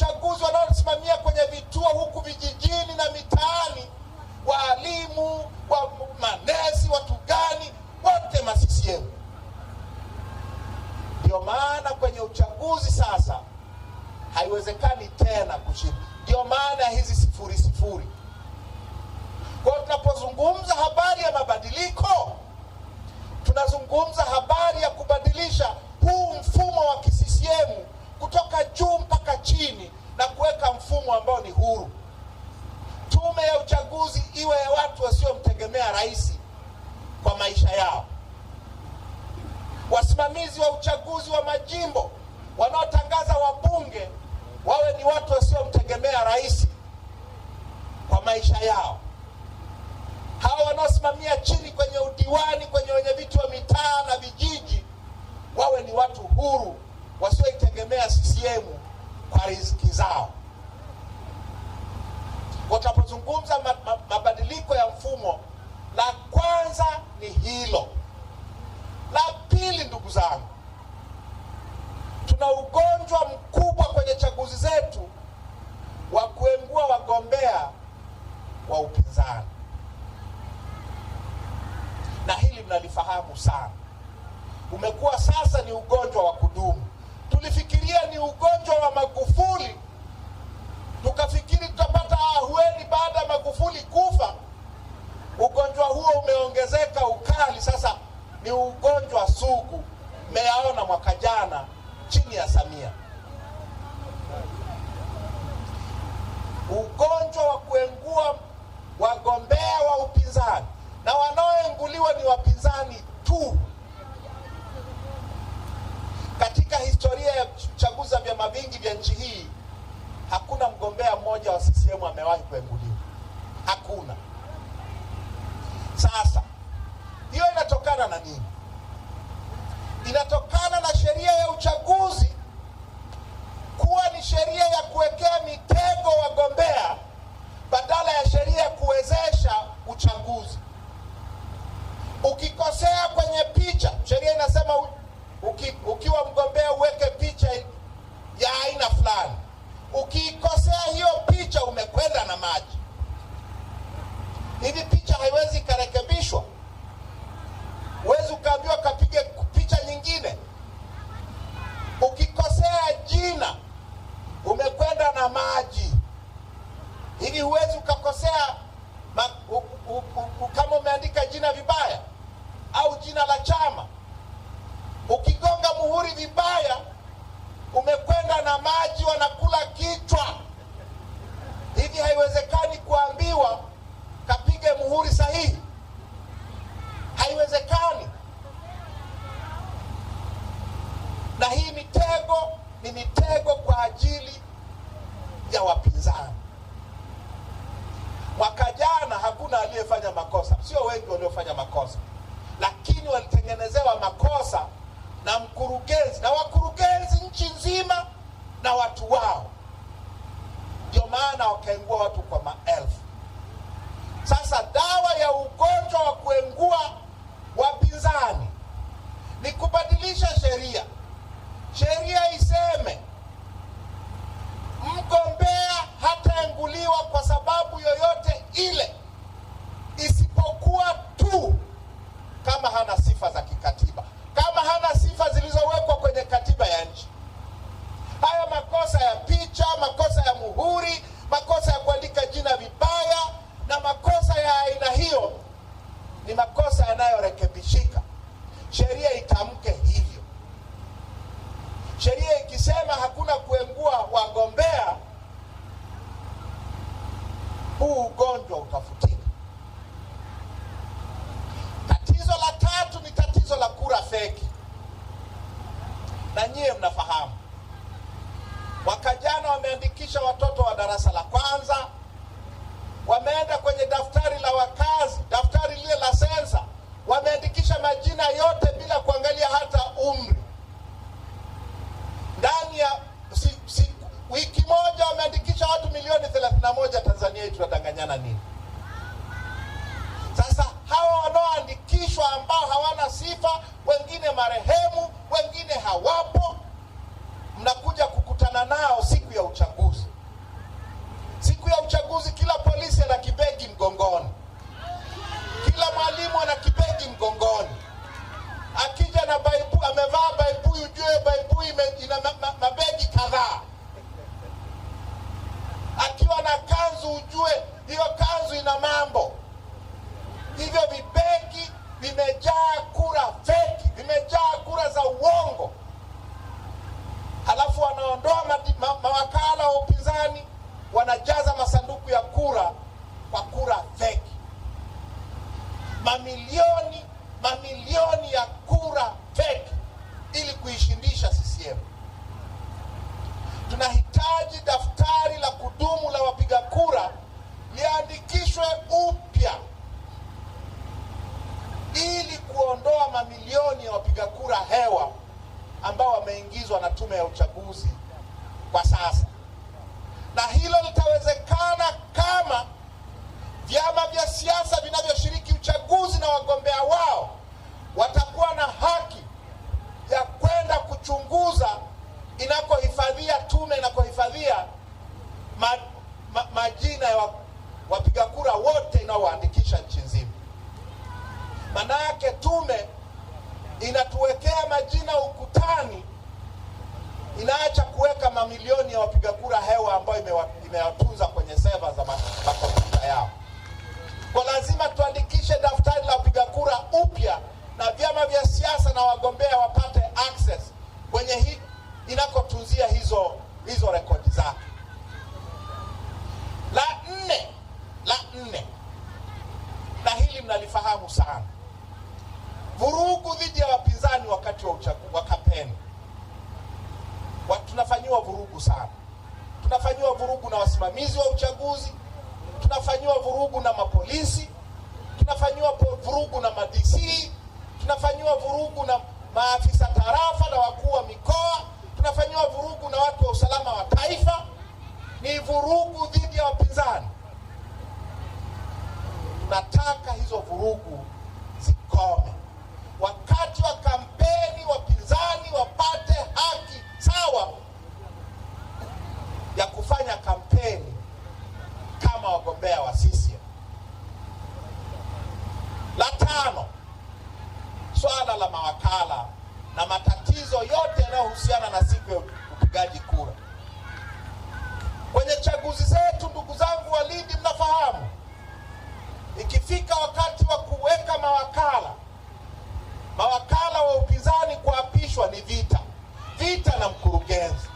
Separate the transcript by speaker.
Speaker 1: uchaguzi wanaosimamia kwenye vituo huku vijijini na mitaani, waalimu wa manesi, watu gani wote masisiemu. Ndio maana kwenye uchaguzi sasa haiwezekani tena kushinda, ndio maana hizi sifuri sifuri. Kwa hiyo tunapozungumza habari ya mabadiliko, tunazungumza habari ya kubadilisha huu mfumo wa kisisiemu maisha yao. Hawa wanaosimamia chini kwenye udiwani, kwenye wenye viti wa mitaa na vijiji, wawe ni watu huru wasioitegemea CCM kwa riziki zao. Watakapozungumza mabadiliko ya mfumo, la kwanza ni hilo. La pili, ndugu zangu, tuna ugonjwa sana, umekuwa sasa ni ugonjwa wa kudumu. Tulifikiria ni ugonjwa wa Magufuli, tukafikiri tutapata ahueni baada ya Magufuli kufa. Ugonjwa huo umeongezeka ukali, sasa ni ugonjwa sugu. meyaona mwaka jana chini ya Samia, ugonjwa wa kuengua wagombea wa upinzani na wanaoenguliwa ni wapinzani tu katika historia ya uchaguzi wa vyama vingi vya nchi hii, hakuna mgombea mmoja wa CCM amewahi kuenguliwa, hakuna. Sasa hiyo inatokana na nini? Inatokana na sheria ya uchaguzi kuwa ni sheria ya kuwekea mitego wagombea badala ya sheria ya kuwezesha uchaguzi. Ukikosea kwenye picha, sheria inasema uki, ukiwa mgombea uweke picha ya aina fulani. Ukiikosea hiyo picha, umekwenda na maji. Hivi picha haiwezi ikarekebishwa? Huwezi ukaambiwa kapige picha nyingine? Ukikosea jina waliofanya makosa, lakini walitengenezewa makosa na mkurugenzi na wakurugenzi nchi nzima na watu wao, ndio maana wakaengua watu kwa maelfu. Sasa dawa ya ugonjwa wa kuengua wapinzani ni kubadilisha sheria, sheria iseme kuhakikisha watoto wa darasa la kwanza wameenda kwenye daftari la wakazi, daftari lile la sensa, wameandikisha majina yote bila kuangalia hata umri. Ndani ya si, si, wiki moja wameandikisha watu milioni 31. Tanzania hii tunadanganyana nini? Sasa hawa wanaoandikishwa ambao hawana sifa, wengine marehemu, wengine hawapo, mnakuja kukutana nao siku ya uchaguzi. ujue hiyo kanzu ina mambo. Hivyo vipeki vimejaa kura feki, vimejaa kura za uongo, alafu wanaondoa mawakala ma, ma, majina ya wapiga kura wote inaoandikisha nchi nzima. Maana yake tume inatuwekea majina ukutani, inaacha kuweka mamilioni ya wapiga kura hewa ambayo imewatunza chafu sana, vurugu dhidi ya wapinzani wakati wa uchaguzi wa kampeni. Tunafanyiwa vurugu sana, tunafanyiwa vurugu na wasimamizi wa uchaguzi, tunafanyiwa vurugu na mapolisi, tunafanyiwa vurugu na madc, tunafanyiwa vurugu na maafisa tarafa na wakuu wa mikoa, tunafanyiwa vurugu na watu wa usalama wa taifa. Ni vurugu dhidi ya wapinzani tunataka hizo vurugu zikome wakati wa Umefika wakati wa kuweka mawakala, mawakala wa upinzani kuapishwa. Ni vita, vita na mkurugenzi.